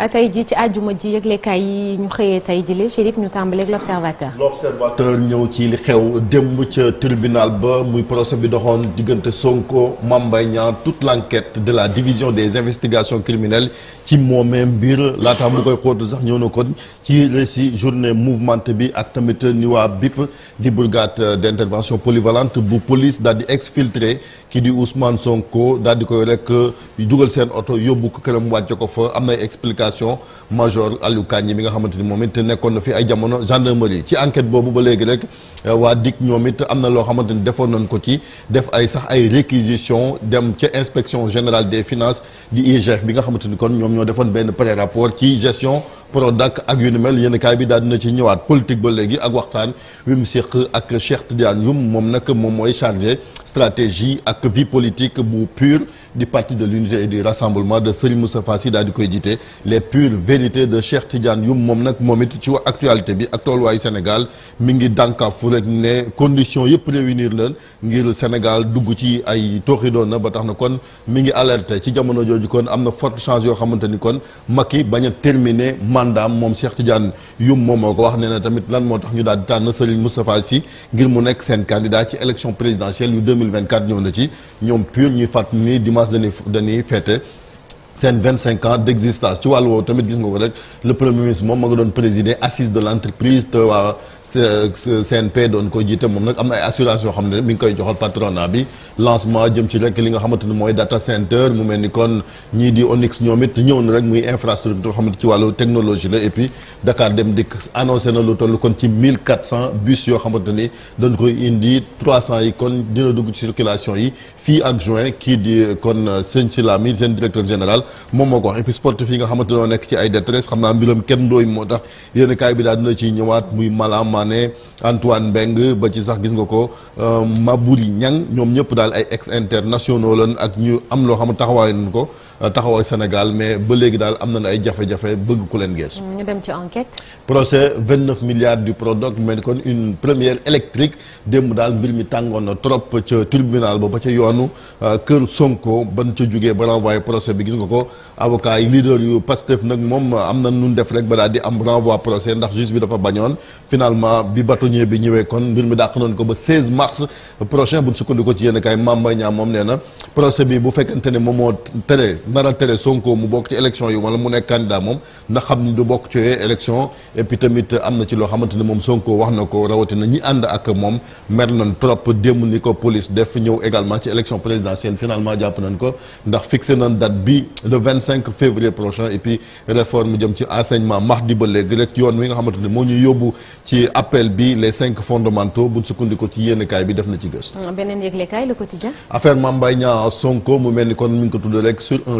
à ah, ci àjjuma ji kay yi ñu xëyee tey jile Chérif ñu tambalé nous L'observateur l'observateur ñëw ci li xew démb ci tribunal ba muy procès bi doxone digënté Sonko Mambay Ñaar toute l'enquête de la division des investigations criminelles ci moomee même laata la koy xóotu sax ñëw na kon ci récit journée mouvementée bi ak tamit ni wa BIP di brigade polyvalente bu police dal di exfiltré ki di Ousmane Sonko dal di koy rek dugal seen oto yóbbu ko këram wàcce ko fa am na explication major Aliou mais mi nga fi ay jamono gendarmerie ci enquête ba rek euh, am réquisition dem inspection générale des finances di IGF bi nga xamanteni kon ñoo pré rapport ci gestion Prodac ak yu mel yene kay bi politique ba ak ak Cheikh Tidiane chargé stratégie ak vie politique bu pure du parti de l'unité et du rassemblement de Serigne Moustapha Fassi daal koy les pures vérités de Cheikh Tidiane Youm moom nag moom ci actualité bi ak tolluwaayu Sénégal Mingi danka dànkaafu rek ne conditions yëpp prévenir leen ngir Sénégal dugg ci ay tooxi na ba tax kon mingi ngi ci kon am forte chance yoo xamante ni kon Macky bañ terminer mandat Mom Cheikh Tidiane Youm moom moo ko wax nee tamit lan moo tax ñu daal di tànn Serigne Moustapha ngir mu candidat ci élection présidentielle yu 2024 ñëw na ci ñoom pure ñuy fàttali ni mars une fêté c'est 25 ans d'existence. Tu vois, le premier ministre, moi, je présider président assise de l'entreprise, CNP doon ko jiite moom nag am na ay assurance yoo xam ne mi ngi koy joxal patronat bi lancement jëm ci rek li nga xamante ni mooy data center mu mel ni kon ñii di Onyx ñoom it ñëw na rek muy infrastructure yoo xamante ci wàllu technologie la et puis dem dikk annoncé na lu toll kon ci bus yoo xamante ni doon koy indi 300 yi kon dina dugg ci circulation yi fii ak juin kii di kon sëñ Silami seen directeur général moom moo ko wax et sportif yi nga xamante noo nekk ci ay détresse Mané Antoine Mbengue ba ci sax gis nga ko euh, Mabouri Niang ñoom ñëpp daal ay ex internationaux lañ ak ñu am loo xam taxawaay nañ ko taxawaay Sénégal mais ba léegi daal am nañu ay jafe-jafe bëgg ku leen geesu. ñu dem ci enquête. procès 29 milliards du produit mais kon une première électrique démb daal mbir mi tàngoon na trop ca tribunal ba ba ca yoonu euh, kër Sonko ban ca jugee ba renvoyé procès bi gis nga ko avocat yi leader yu Pastef nag moom am na nun def rek ba daal di am renvoi procès ndax juge bi dafa bañoon finalement bi bâtonnier bi ñëwee kon mbir mi dàq ko ba 16 mars prochain bu ñu sukkandiku ci yéen kaay Mame Mbaye Niang moom nee na procès bi bu fekkente ne moom moo tere nar a Sonko mu bok ci élection yi wala mu nekk candidat mom na xamni du bok ci élection et puis tamit amna ci lo xamante mom moom Sonko wax na ko rawatina ñi and ak mom mer nañ trop démb ni ko police def ñëw également ci élection présidentielle finalement japp nañ ko ndax fixé nañ date bi le 25 février prochain et puis réforme jëm ci enseignement mardi ba léegi rek yoon wi nga xamante mo ñu yobbu ci appel bi les 5 fondamentaux buñ ko ci yene kay bi def na ci benen beneen kay le quotidien. affaire Mame Mbaye Niang Sonko mu melni kon mi ko tudd rek sur un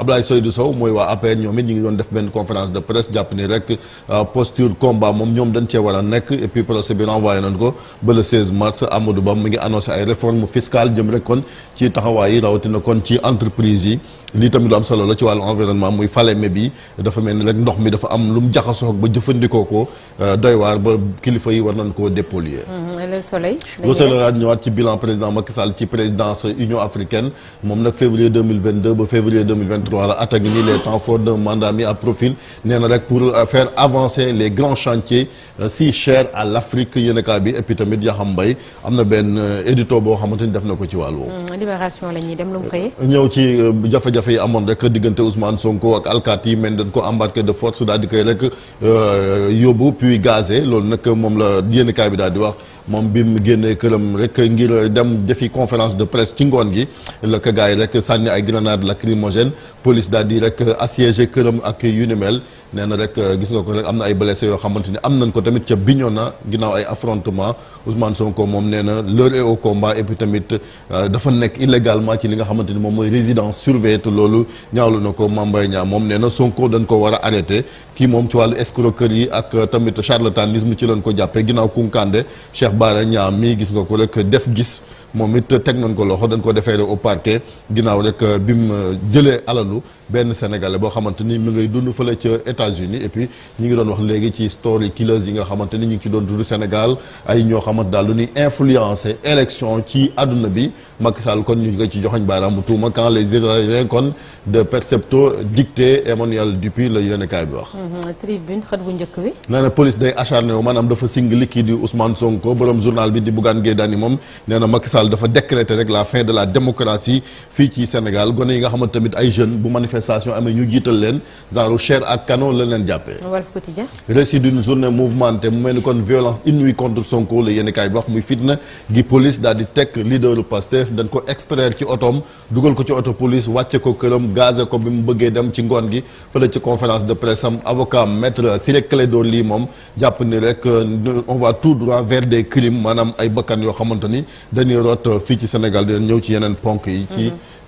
Ablaye Seydou Sow mooy waa APR ñoom it ñu ngi doon def benn conférence de presse jàpp ni rek euh, posture combat moom ñoom dañ cee war a nekk et puis procès bi renvoyé nañ ko ba le mars Amadou Ba mu ngi annoncé ay réformes fiscales jëm rek kon ci taxawaay yi rawatina kon ci entreprise yi lii tamit lu am solo la ci wàllu environnement muy Falémé bi dafa mel ni rek ndox mi dafa am lu mu jaxasoo ba jëfandikoo ko euh, doy waar ba kilifa yi war nañ koo dépolluer mm-hmm. le soleil. le soleil daal ñëwaat ci bilan président Macky Sall ci présidence Union africaine moom nag février 2022 ba février 2023 la attaque ni les temps forts de mandat mis à profil nee rek pour euh, faire avancer les grands chantiers euh, si chers à l' Afrique yéenekaay bi et puis tamit Yaxam Mbaye am na benn euh, édito boo xamante ni def na ko ci wàll woowu. Mm, libération la ñuy dem lu mu xëyee. ñëw ci jafe-jafe yi amoon rek diggante Ousmane Sonko ak alkaati yi mel dañ ko embarqué de force daal di koy rek yóbbu puis gazé loolu nag moom la yéenekaay bi daal di wax moom bim mu génnee këram rek ngir dem défi conférence de presse ci ngone gi le ko gars rek sànni ay grenade lacrymogène police daal rek euh, assiégé këram ak yu ni mel nee na rek euh, gis nga ko rek am na ay blessés yoo xamante ni am nañ ko tamit ca Bignona ginnaaw ay affrontement Ousmane Sonko moom nee na l'heure est au combat tamit euh, dafa nekk illégalement ci li nga xamante ni moom mooy résidence surveillée te loolu ñaawlu na ko Mame Mbaye Niang moom nee na Sonko dañ ko war a kii moom ci wàllu escroquerie yi ak tamit charlatanisme ci lañ ko jàppee ginnaaw Kounkandé Cheikh Bara Niang mii gis nga ko rek def gis moom it teg nañ ko loxo dañ ko defeere au parquet ginnaaw rek euh, bi mu euh, jëlee alalu Ben sénégalais bo xamanteni mi ngi ngay dund fële États-Unis et puis ñi ngi doon wax légui ci story killers yi nga xamanteni ñi ngi doon dund Sénégal ay ñoo xamante daal ni influencer élection ci aduna bi Macky Sall kon ñu nga ci joxagne baaraamu tuuma quand les Israéliens kon de percepto dicté Emmanuel Dupuy le kay bi wax. Mhm, tribune xat bu ñëk wi nana police day acharné manam dafa sing liquide du Ousmane Sonko borom journal bi di Bougane Gueye Dany de nee Macky dafa décréter rek la fin de la démocratie fi ci Sénégal gone yi nga xamante tamit ay jeunes bu à menu ñu jiital leen genre chair ak canon la leen jappé Walf Quotidien. récit d'une journée mouvementée mu melni kon violence inouïe contre son et y yene kay wax muy fitna gi police dal di tek leader Pastef dañ ko extraire ci autom dugal ko ci auto police waccé ko kërëm gazé ko bimu bëggé d'un dem ci ngone gi ci conférence de presse am avocat maître Cyril Clédor li mom japp ni rek on va tout droit vers des crimes manam ay bakkan yo xamante ni dañuy root Sénégal, ci Sénégal dañ ñëw ci yenen ponk yi ci mhm.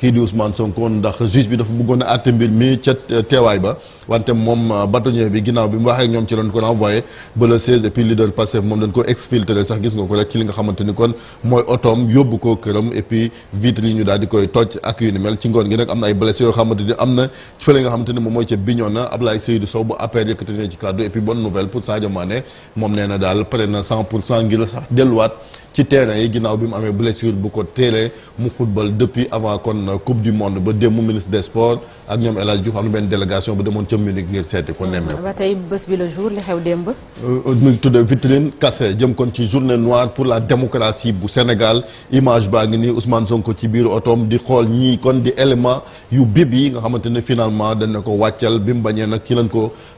kii di Ousmane Sonko ndax juge bi dafa bëggoon a àtte mbir mi ca euh, teewaay ba wante moom euh, bâtonnier bi ginnaaw bi mu waxee ak ñoom ci lañ ko envoyé ba le 16 leader Pastef moom dañ ko exfiltré sax gis nga ko rek ci li nga xamante ni kon mooy otoom yóbbu ko këram et vitre yi ñu daal di koy toj ak yu ni mel ci ngoon gi nag am na ay blessé yoo xamante ni am na fële nga xamante ni moom mooy ca Bignona Ablaye Seydou Sow bu APR yëkkati ne ci kàddu moom nee na daal pare na 100 pour cent ngir sax delluwaat ci terrain yi ginnaaw bi mu amee blessure bu ko télé mu football depuis avant kon coupe du monde ba démb ministre des sports ak ñom El Hadj Diouf am délégation bu demone ci Munich ngir seeti ko némé ah, ba tay bëss bi le jour li xew démb. Euh, euh, mu ngi vitrine cassée jëm kon ci journée noire pour la démocratie bu Sénégal image ba ngi ni Ousmane Sonko ci biir autom di xol ñi kon di élément yu bib yi nga xamante finalement dañ nako wàccal bimu bañé nak ci lañ ko.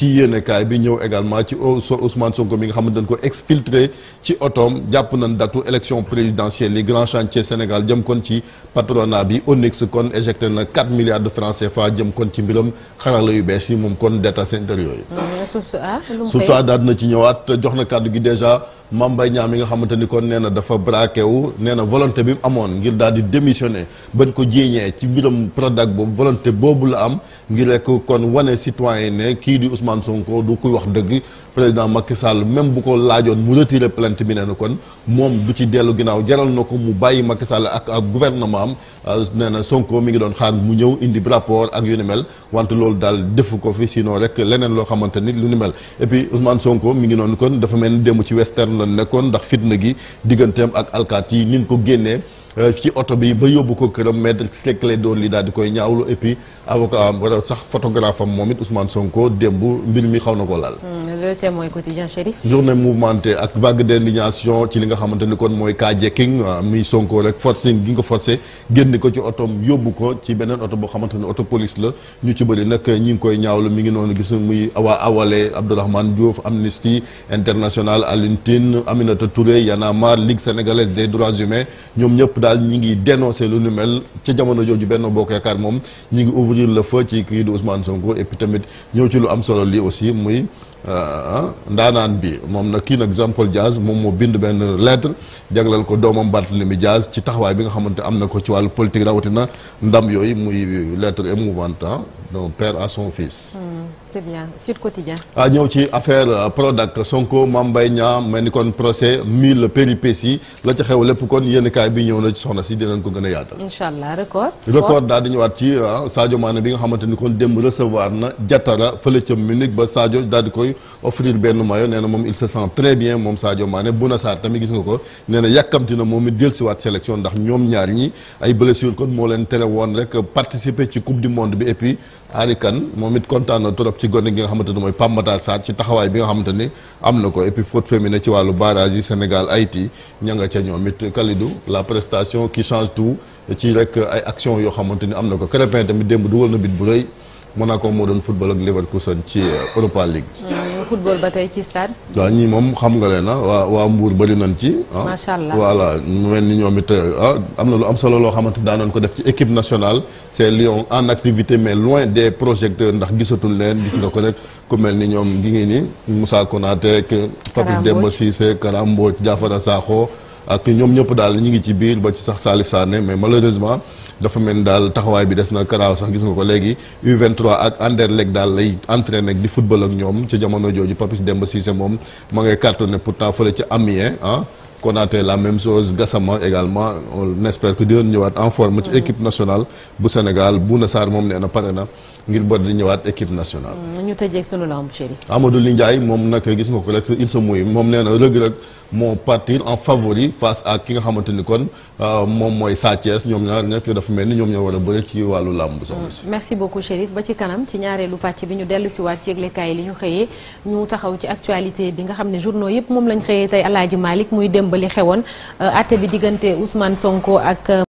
ci yéenekaay bi ñew également ci Ousmane Sonko mi nga xamante dañ ko exfiltré ci autom japp nañ datu élection présidentielle les grands chantiers Sénégal jëm kon ci patronat bi Onyx kon éjecté na 4 milliards de francs CFA jëm kon ci mbiram xarala yu bees yi moom kon data center yooyu. suuf euh, su daal na ci ñëwaat jox na kàddu gi déjà. Mame Mbaye Niang mi nga xamante ni kon nee na dafa braqué wu nee na volonté bi mu amoon ngir daal di démissionner bañ ko jéeñee ci biiram Prodac boobu volonté boobu la am ngir rek kon wane citoyen ne kii di Ousmane Sonko du kuy wax dëgg président makk Sall même bu ko laajoon mu retiré plainte bi nee na kon moom du ci dellu ginnaaw jaral na ko mu bàyyi Macky Sall ak ak gouvernement am euh, nee na Sonko mi ngi doon xaar mu ñëw indi rapport ak yu ni mel wante loolu daal defu ko fi sinon rek leneen loo xamante ni lu ni mel et puis Sonko mi ngi noonu kon dafa mel ni démb ci western la nekkoon ndax fitna gi digganteem ak alkaat yi ni ko génnee. Euh, ci oto bi ba yóbbu ko këram maître Ciré Clédor Ly daal di koy ñaawlu et puis avocat am sax photographe am moom it Ousmane Sonko démb mbir mi xaw na ko laal. Hmm, le témoin quotidien Chérif. journée mouvementée ak vague d'indignation ci li nga xamante ni kon mooy carjacking ah, muy Sonko rek forcé gi nga ko forcé génn ko ci otoom yóbbu ko ci beneen oto boo xamante ni oto police la ñu ci bëri nag ñi ngi koy ñaawlu mi ngi noonu gis muy awa awale Abdourahmane Diouf Amnesty International Alioune Tine Aminata Touré a marre Ligue sénégalaise des droits ñëpp. daal ñi ngi dénoncer lu nu mel ca jamono jooju benn bokk moom ñi ngi ouvrir la feu ci kii di Ousmane Sonko et tamit ñëw ci lu am solo lii aussi muy. Euh, ndaanaan bi moom nag kii nag Jean Paul moom moo bind benn lettre jaglal ko doomam Barthélemy Diaz ci taxawaay bi nga xamante am na ko ci wàllu politique rawatina ndam yooyu muy lettre émouvante ah, d'un père a son fils. Hmm, c'est bien Sud Quotidien. ah ñëw ci affaire euh, Prodac Sonko Mame Mbaye Niang mel ni kon procès mille péripéties la ca xew lépp kon yéen kaay bi ñëw na ci soxna si dinañ ko gën a yaatal. incha allah record. record daal di ñëwaat ci ah, Sadio Mané bi nga xamante ni kon démb recevoir na Jatara fële ca Munich ba Sadio offrir benn maillot nee il se sent très bien mom Sadio Mané Bouna Sarr tammi gis nga ko nee na yàkkamti na moom it sélection ndax ñom ñaar ñi ay blessure kon mo len tere rek participer ci coupe du monde bi et puis Ari Kane moom it kontaan na trop ci gonne gi nga xamante moy mooy Pape ci taxaway bi nga xamante amna ko et puis faute féminine ci walu barrage Sénégal Haïti ñanga ca ñomit Kalidou la prestation qui change tout ci rek ay action yo xamante amna am na ko Crépin tamit démb dugal na bit bu reuy Monaco moo football ak Leverkusen ci Europa League mm. football ba tey ci stade. waaw ñii moom xam nga leen ah waa waa mbuur bëri nañ ci. Ah. macha voilà mu mel ni ñoom it ah am na lu am solo loo xamante daan nañ ko def ci équipe nationale. c'est Lyon en activité mais loin des projecteurs ndax gisatul leen gis nga ko rek ku mel ni ñoom gi ngi ni Moussa Konaté ak. Papiss Demba Cissé Kara Mbodj Diafara Sakho. ak ñoom ñëpp daal ñu ngi ci biir ba ci sax Salif Sané mais malheureusement dafa mel ni daal taxawaay bi des na karaaw sax gis nga ko léegi u ak Anderlecht daal lay entraîné di football ak ñoom ci jamono jooju Papis Demba Cissé moom ma ngay cartonné pourtant fële ci Amiens ah. la même chose Gassama également nesper espère que dinañ ñëwaat en forme ci équipe nationale bu Sénégal Bouna Sarr moom nee na pare na. ngir bor di ñëwaat équipe nationale. Mm, ñu tëjee ak sunu lamb chéri. Amadou Ly moom nag gis nga ko rek il se mouille moom nee na rëgg moo partir en favori face à ki nga xamante kon euh, moom mooy Sa Thiès ñoom ñaar nekk dafa mel ni ñoom ñoo war a bëri ci wàllu làmb soxna si. Mm, merci beaucoup Chérif ba ci kanam ci ñaareelu pàcc bi ñu dellu si waat ci yëglekaay li ñu xëyee ñu taxaw ci actualité bi nga xam ne journaux yëpp moom lañ xëyee tey Alaaji Malick muy démbali xewoon euh, àtte bi diggante Ousmane Sonko ak.